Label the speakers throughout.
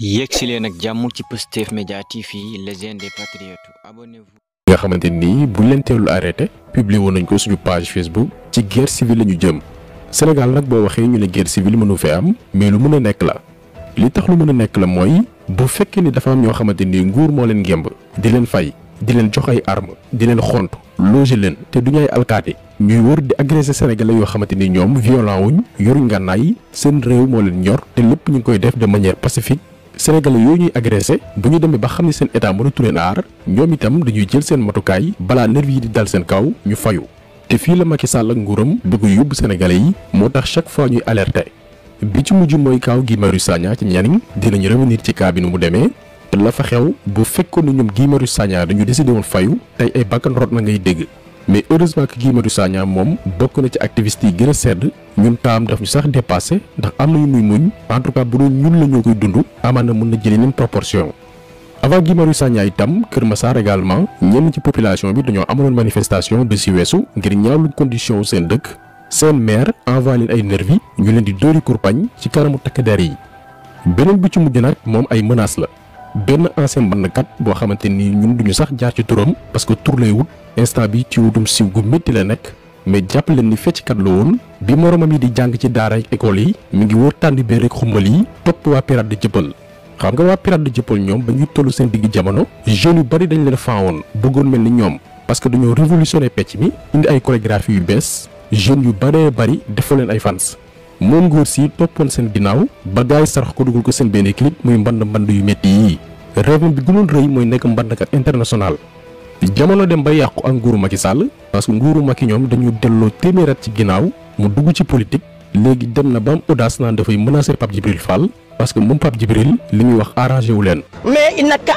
Speaker 1: yéeg si leen ak jàmmul ci Pastef Média TV les des patriotes abonnez-vous
Speaker 2: nga xamante nii bu leen teelu arrêté publié woon nañ ko suñu page Facebook ci guerre civile la ñu jëm Sénégal nag boo waxee ñu ne guerre civile mënu fee am mais lu mën nekk la li tax lu mën nekk la mooy bu fekkee ni dafa am ñoo xamante nii nguur moo leen ngemb di leen fay di leen jox ay arme di leen xont loger leen te du ñuy alkaati ñuy wër di agressé sénégalais yoo xamante ni ñoom violent wuñ yoruñ ngànnaay seen réew moo leen ñor te lépp ñu ngi koy def de manière pacifique sénégalais yooyu ñuy agressé bu ñu demee ba xam ne seen état mënatu leen aar ñoom itam dañuy jël seen matukaay balaa nervi yi di dal seen kaw ñu fayu te fii la Macky Sall ak nguuram bëgg yóbbu sénégalais yi moo tax chaque fois ñuy alerte bi ci mujj mooy kaaw Guy Marius Sagna ci ñaniñ dinañu revenir ci cas bi nu mu demee te la fa xew bu fekkoon ne ñoom Guy Marius Sagna dañu décidé woon fayu tey ay bakkan rot na ngay dégg mais heureusement que Guy Marius Sagna moom bokk na ci activiste yi gën a sedd ñun taam daf ñu sax dépassé ndax am na yu muy muñ en tout cas bu doon ñun la ñoo koy dund amaan na mën na jëlee leen proportion. avant Guy Marius Sagna itam Kër ma Massar également ñenn ci population bi dañoo amaloon manifestation de si weesu ngir ñaawlu condition seen dëkk seen maire envoyé leen ay nervi ñu leen di doori kurpañ ci kanamu takk der yi beneen bi ci mujj nag moom ay menaces la. benn ancien bandkat boo xamante ni ñun duñu sax jaar ci turam parce que tur lay wut instant bi ci wutum siiw gu métti la nekk mais jàpp leen ni kat la woon bi moromam yi di jàng ci daara ak école yi mu ngi wër tànn bee rek xumbal yi topp waa pirate de jëppal xam nga waa pirate de jëppal ñoom ba ñuy tollu seen digg jamono jeunes yu bari dañ leen faawoon bëggoon mel ni ñoom parce que dañoo révolutionné pecc mi indi ay chorégraphie yu bees jeunes yu baree bari defoo leen ay fans moom ngóor si toppoon seen ginnaaw ba gaay sarax ko dugal ko seen benn clip muy mband mband yu métti yii rêve bi gënoon rëy mooy nekk mbandkat international jamono dem ba yàqu ak nguuru ki sàll parce que nguuru Macky ñoom dañu delloo téeméerat ci ginnaaw mu dugg ci politique léegi dem na ba am audace naan dafay menacer Pape Djibril Fall parce que moom Pape Djibril li muy wax arrangé wu leen.
Speaker 1: mais il n'a qu'à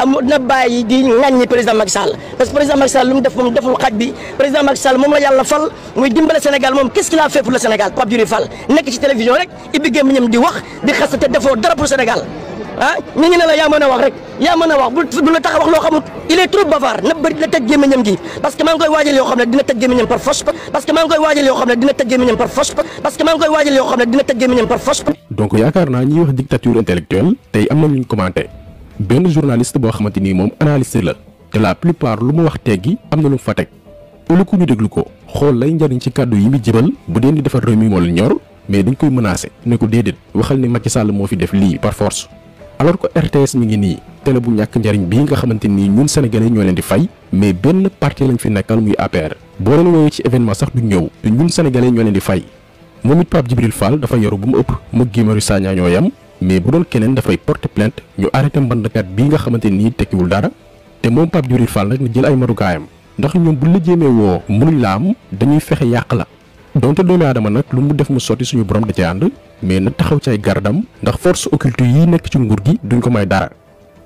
Speaker 1: am na bàyyi di ŋàññi président Macky parce que président Macky lu mu def moom deful xaj bi président Macky moom la yàlla fal muy dimbale Sénégal moom qu'est-ce qu'il Sénégal Pape Diouf Fall nekk ci télévision rek ibbi gémmiñam di wax di xas te defoo dara pour Sénégal ah ñu ne la yaa mën a wax rek yaa mën a wax bu la tax wax loo xamut il est trop bavard na bëri dina tëj gémmiñam gi parce que maa ngi koy waajal yoo xam
Speaker 2: ne dina benn journaliste boo xamante ni moom analyste la te la plupart lu mu wax teggi am na lu mu fa teg ëllëg ñu déglu ko xool lay njariñ ci kàddu yi mu jëbal bu dee di defar réew moo la ñor mais dañ koy menacé ne ko déedéet waxal ni Macky Sall moo fi def lii par force. alors que RTS mi ngi nii tele bu ñàkk njariñ bii nga xamante ni ñun sénégalais ñoo leen di fay mais benn parti lañ fi nekkal muy APR boo leen woowee ci événement sax du ñëw te ñun sénégalais ñoo leen di fay moom it dafa yoru bu mu ëpp mu Guy Marius yam mais bu doon keneen dafay porter plainte ñu arrêté mbandkat bii nga xamante nii tekkiwul dara te moom Pape Djibril Fall nag ni jël ay marukaayam ndax ñoom bu la jéemee woo mënuñ la am dañuy fexe yàq la donte doomu aadama nag lu mu def mu sotti suñu borom da ci ànd mais na taxaw ci ay gardam ndax force occulte yi nekk ci nguur gi duñ ko may dara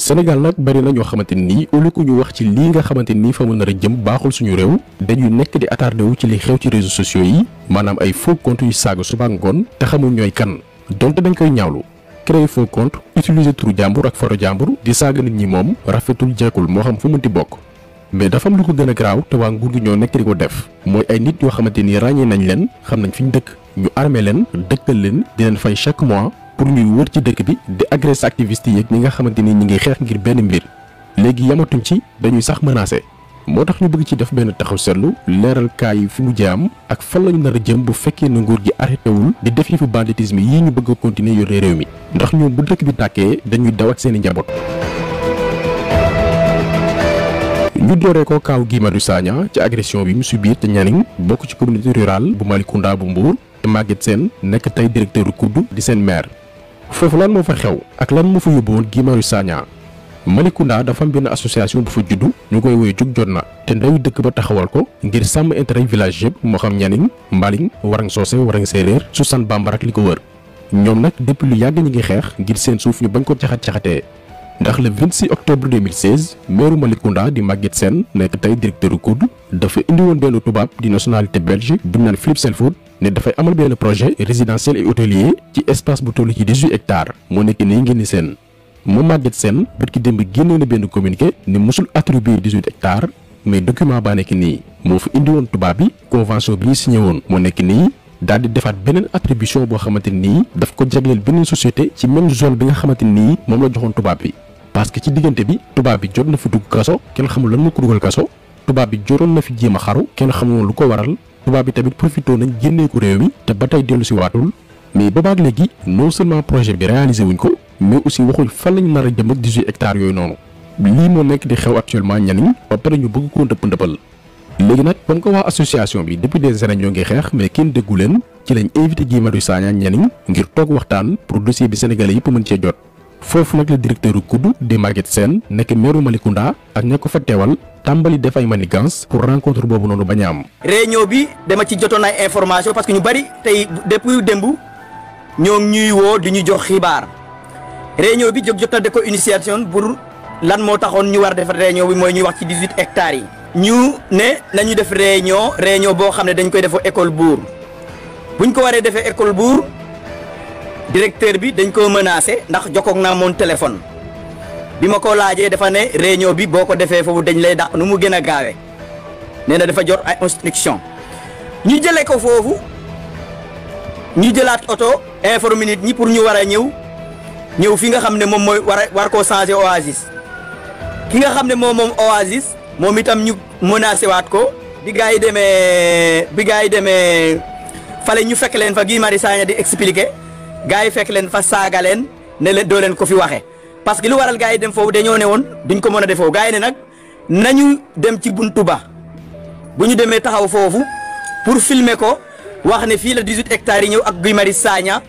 Speaker 2: Sénégal nag bari na ñoo xamante nii au lieu que ñu wax ci lii nga xamante nii fa mu nar a jëm baaxul suñu réew dañuy nekk di wu ci xew ci réseaux sociaux yi maanaam ay faux comptes yu saaga suba ngoon te xamul ñooy kan donte dañ koy ñaawlu créer faux compte utiliser turu jàmbur ak foro jàmbur di saaga nit ñi moom rafetul jekkul moo xam fu mënti bokk mais dafa lu ko gën a garaaw te waa nguur gi ñoo nekk di ko def mooy ay nit yoo xamante ni ràññee nañ leen xam nañ fi ñu dëkk ñu armee leen dëkkal leen di leen fay chaque mois pour ñuy wër ci dëkk bi di agressé activistes yi ak ñi nga xamante ni ñi ngi xeex ngir benn mbir léegi yamatuñ ci dañuy sax menacé moo tax ñu bëgg ci def benn taxaw seetlu leeral yi fi mu jaam ak fan lañu nar a jëm bu fekkee na nguur gi arrêté wul di def yëfu banditisme yii ñu bëgg a continuer réew mi ndax ñoom bu dëkk bi tàkkee dañuy daw ak seen i njaboot. ñu dooree ko kaaw Guy Marius ci agression bi mu subir te Nianing bokk ci communauté rurale bu Malicounda bu Mbour te Maguette Sène nekk tey directeur kudd di seen maire foofu lan moo fa xew ak lan moo fa yóbbuwoon Guy Marius Malicounda dafa am benn association bu fa juddu ñu koy woy jug jot na te ndaw dëkk ba taxawal ko ngir sàmm intérêt village yëpp moo xam ñanin mbaaliñ warang soose warang séeréer susan bambara ak li ko wër ñoom nag depuis lu yàgg ñi ngi xeex ngir seen suuf ñu bañ ko caxat-caxatee ndax le 26 octobre 2016 meeru Malicounda di Maguette Sène nekk tey directeur COUD dafa indi woon benn tubaab di nationalité belge bu ñu naan Philippe Selfood ne dafay amal benn projet résidentiel et ci espace bu toll ci 18 hectares moo nekk nii ngeen seen moom Maguette Sène barki démb génne na benn communiqué ne mosul attribuer 18 hectares mais document baa nekk nii moo fi indi woon tubaab bi convention bi ñu signé woon moo nekk nii daal di defaat beneen attribution boo xamante nii daf ko jagleel beneen société ci même zone bi nga xamante nii moom la joxoon tubaab bi parce que ci diggante bi tubaab bi jot na fi dugg kaso kenn xamul lan moo ko dugal kaso tubaab bi jotoon na fi jéem a xaru kenn xamul lu ko waral tubaab bi tamit profité nañ génnee ko réew mi te ba tey dellu si waatul mais boobaag léegi non seulement projet bi réalisé wuñ ko mais aussi waxuñ fan lañ nar a jëm ak 18 yooyu noonu lii moo nekk di xew actuellement ñaniñ ba pare ñu bëgg koo ndëpp ndëppal léegi nag comme ko waa association bi depuis des années ñoo ngi xeex mais kenn déggu leen ci lañ invité Guy Marius Sagna ñaniñ ngir toog waxtaan pour dossier bi sénégalais yëpp mën cee jot foofu nag la directeur u kudd di Maguette Sène nekk meeru Malicounda ak ña ko fa teewal tàmbali def ay manigance pour rencontre boobu noonu bañ a am
Speaker 1: bi dama ci jotoon ay information parce que bari tey depuis démb ñoo ngi woo di ñu jox xibaar réunion bi jóg jot na de ko initiation bu lan moo taxoon ñu war defar réunion bi mooy ñu wax ci dix-huit hectares yi ñu ne nañu def réunion réunion boo xam ne dañ koy defoo école buur buñ ko waree defee école buur directeur bi dañ koo menacé ndax jokkoog naa moom téléphone bi ma ko laajee dafa ne réunion bi boo ko defee foofu dañ lay dàq nu mu gën a gaawee nee na dafa jot ay instruction ñu jële ko foofu ñu jëlaat oto informer nit ñi pour ñu war a ñëw ñëw fi nga xam ne moom mooy war a war koo changé Oasis ki nga xam ne moom moom Oasis moom itam ñu menacé waat ko bi gars yi demee bi gars yi demee fale ñu fekk leen fa Guy Marius Sagna di expliqué gars yi fekk leen fa saaga leen ne leen doo leen ko fi waxee parce que lu waral gars yi dem foofu dañoo ne woon duñ ko mën a def foofu gars yi ne nag nañu dem ci buntu ba bu ñu demee taxaw foofu pour filmer ko wax ne fii la 18 hectares yi ñëw ak Guy Marius Sagna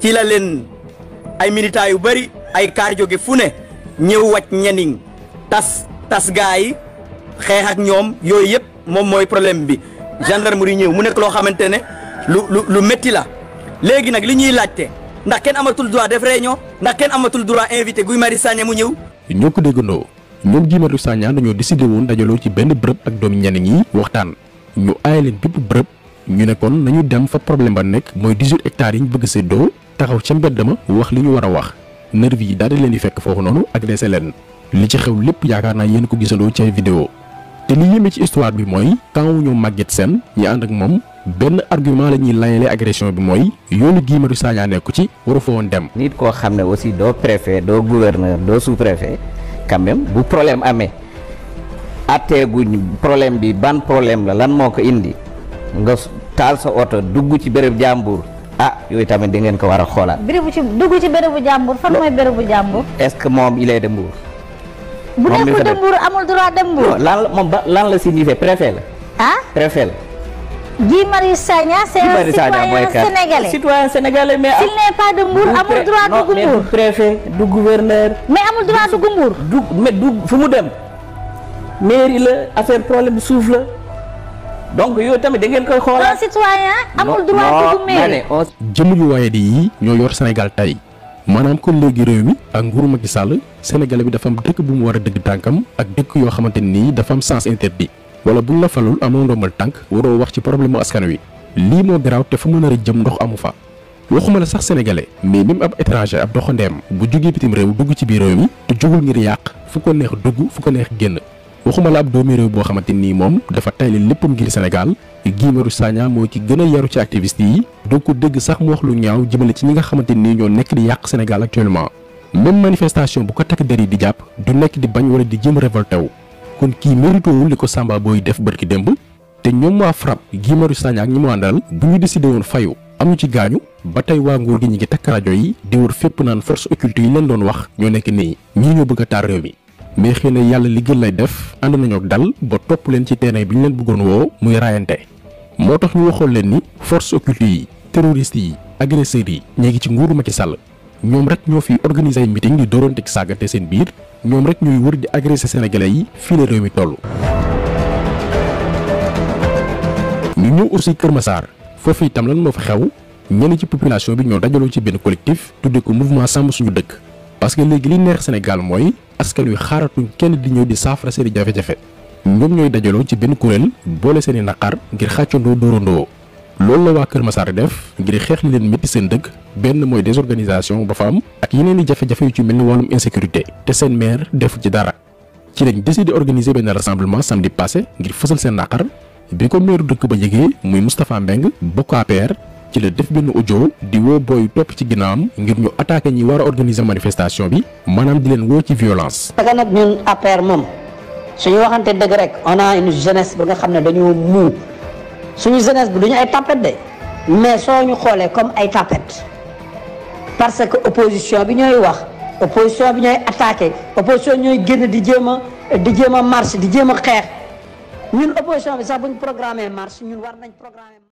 Speaker 1: ci la leen. ay militants yu bëri ay kaar jóge fu ne ñëw wàcc ñeniñ tas tas gaa yi xeex ak ñoom yooyu yëpp moom mooy problème bi gendarmerie ñëw mu nekk loo xamante ne lu lu lu métti la léegi nag li ñuy laajte ndax kenn amatul droit def réunion ndax kenn amatul droit invité Guy mari Sagna mu ñëw.
Speaker 2: ñoo ko déggandoo ñoom Guy Marius Sagna dañoo décidé woon dajaloo ci benn bërëb ak doom ñeneen ñi waxtaan ñu aaye leen bépp bërëb ñu ne kon nañu dem fa problème ba nekk mooy 18 hectares yi ñu bëgg séddoo taxaw ca mbedd ma wax li ñu war a wax nervi yi daal leen di fekk foofu noonu agressé leen li ci xew lépp yaakaar naa yéen ko gisandoo ci vidéo te li yéeme ci histoire bi mooy quand ñu màgget seen ñi ànd ak moom benn argument la ñuy layalee agression bi mooy yoonu Guy Marius Sagna nekku ci waru fa woon dem. nit koo xam ne aussi doo
Speaker 1: préfet doo gouverneur doo sous-préfet quand même bu problème amee atteeguñ problème bi ban problème la lan moo ko indi nga taal sa oto dugg ci béréb jàmbur. ah yooyu tamit di ngeen ko war a xoolaat. bérébu ci dugg ci bérébu jàmbur fan mooy bérébu jàmbur. est-ce que moom il est de Mbour. bu nekkul de Mbour amul droit de Mbour. lan la moom ba lan la signifié préfet la. ah préfet la. Guy Marius Sagna c'est un citoyen de Mbour amul droit dugg Mbour. du du gouverneur. mais amul droit du mais du fu mu dem mairie la affaire problème suuf la. donc yooyu tamit da ngeen koy xoolal. un
Speaker 2: jëmm yu waaye di yii ñoo yor Sénégal tey maanaam kon léegi réew mi ak nguuru Macky Sall Sénégalais bi dafam dëkk bu mu war a dëgg tànkam ak dëkk yoo xamante nii dafa am sens interdit wala buñ la falul amoo ndombal tànk waroo wax ci problème askan wi lii moo garaaw te fu mu nar a jëm ndox amu fa. waxuma la sax sénégalais mais même ab étranger ab doxandeem bu jugee bitim réew dugg ci biir réew mi te jugul ngir yàq fu ko neex dugg fu ko neex génn. waxuma la ab doomi réew boo xamante nii moom dafa tayle léppam ngir Sénégal Guy Marius Sagna moo ci gën a yaru ci activiste yi doo ko dégg sax mu wax lu ñaaw jëmale ci ñi nga xamante nii ñoo nekk di yàq Sénégal actuellement même manifestation bu ko takk der yi di jàpp du nekk di bañ wala di jëm révolté wu kon kii méritowul li ko Samba booy def ki démb te ñoom waa FRAPP Guy Marius ak ñi mu àndal bu ñu décidé woon fayu am ñu ci gaañu ba tey waa nguur gi ñu ngi takk rajo yi di wër fépp naan force occulte yi leen doon wax ñoo nekk nii ñii ñoo bëgg a taal mi mais xëy na yàlla li gën lay def ànd nañu ak dal ba topp leen ci terrain bi ñu leen bëggoon woo muy raayante moo tax ñu waxoon leen ni force occulte yi terroriste yi agresseurs yi ñee ngi ci nguuru ci sàll ñoom rek ñoo fi organiser ay meeting di dóorante ak saagante seen biir ñoom rek ñooy wër di agresser sénégalais yi fii la réew mi toll. ñu ñëw aussi Kër Massar foofu itam lan moo fa xew ñenn ci population bi ñoo dajaloo ci benn collectif tuddee ko mouvement sàmm suñu dëkk. parce que léegi li neex senegal mooy askan wi xaaratuñ kenn di ñëw di saafara seeni i jafe-jafe ñoom ñooy dajaloo ci benn kuréel boole seen i naqar ngir xàccandoo dóorandoo loolu la waa Kër Massar def ngir xeex li leen métti seen dëkk benn mooy désorganisation ba fa am ak yeneen di jafe-jafe yu ci mel ni wàllum insécurité te seen maire defu ci dara ci lañ décidé organiser benn rassemblement samedi passé ngir fësal seen naqar bi ko maire dëkk ba yëgee muy Moustapha Mbeng bokk APR ci la def benn audio di woo booy topp ci ginnaawam ngir ñu attaqué ñi war a organiser manifestation bi maanaam di leen woo ci violence.
Speaker 1: daga nag ñun APR moom suñu waxante dëgg rek on a une jeunesse ba nga xam ne dañoo muu suñu jeunesse bi duñu ay tapet de mais soo ñu xoolee comme ay tapet parce que opposition bi ñooy wax opposition bi ñooy attaqué opposition ñooy génn di jéem a di jéem a di jéem a xeex ñun opposition bi sax buñ programmé marche ñun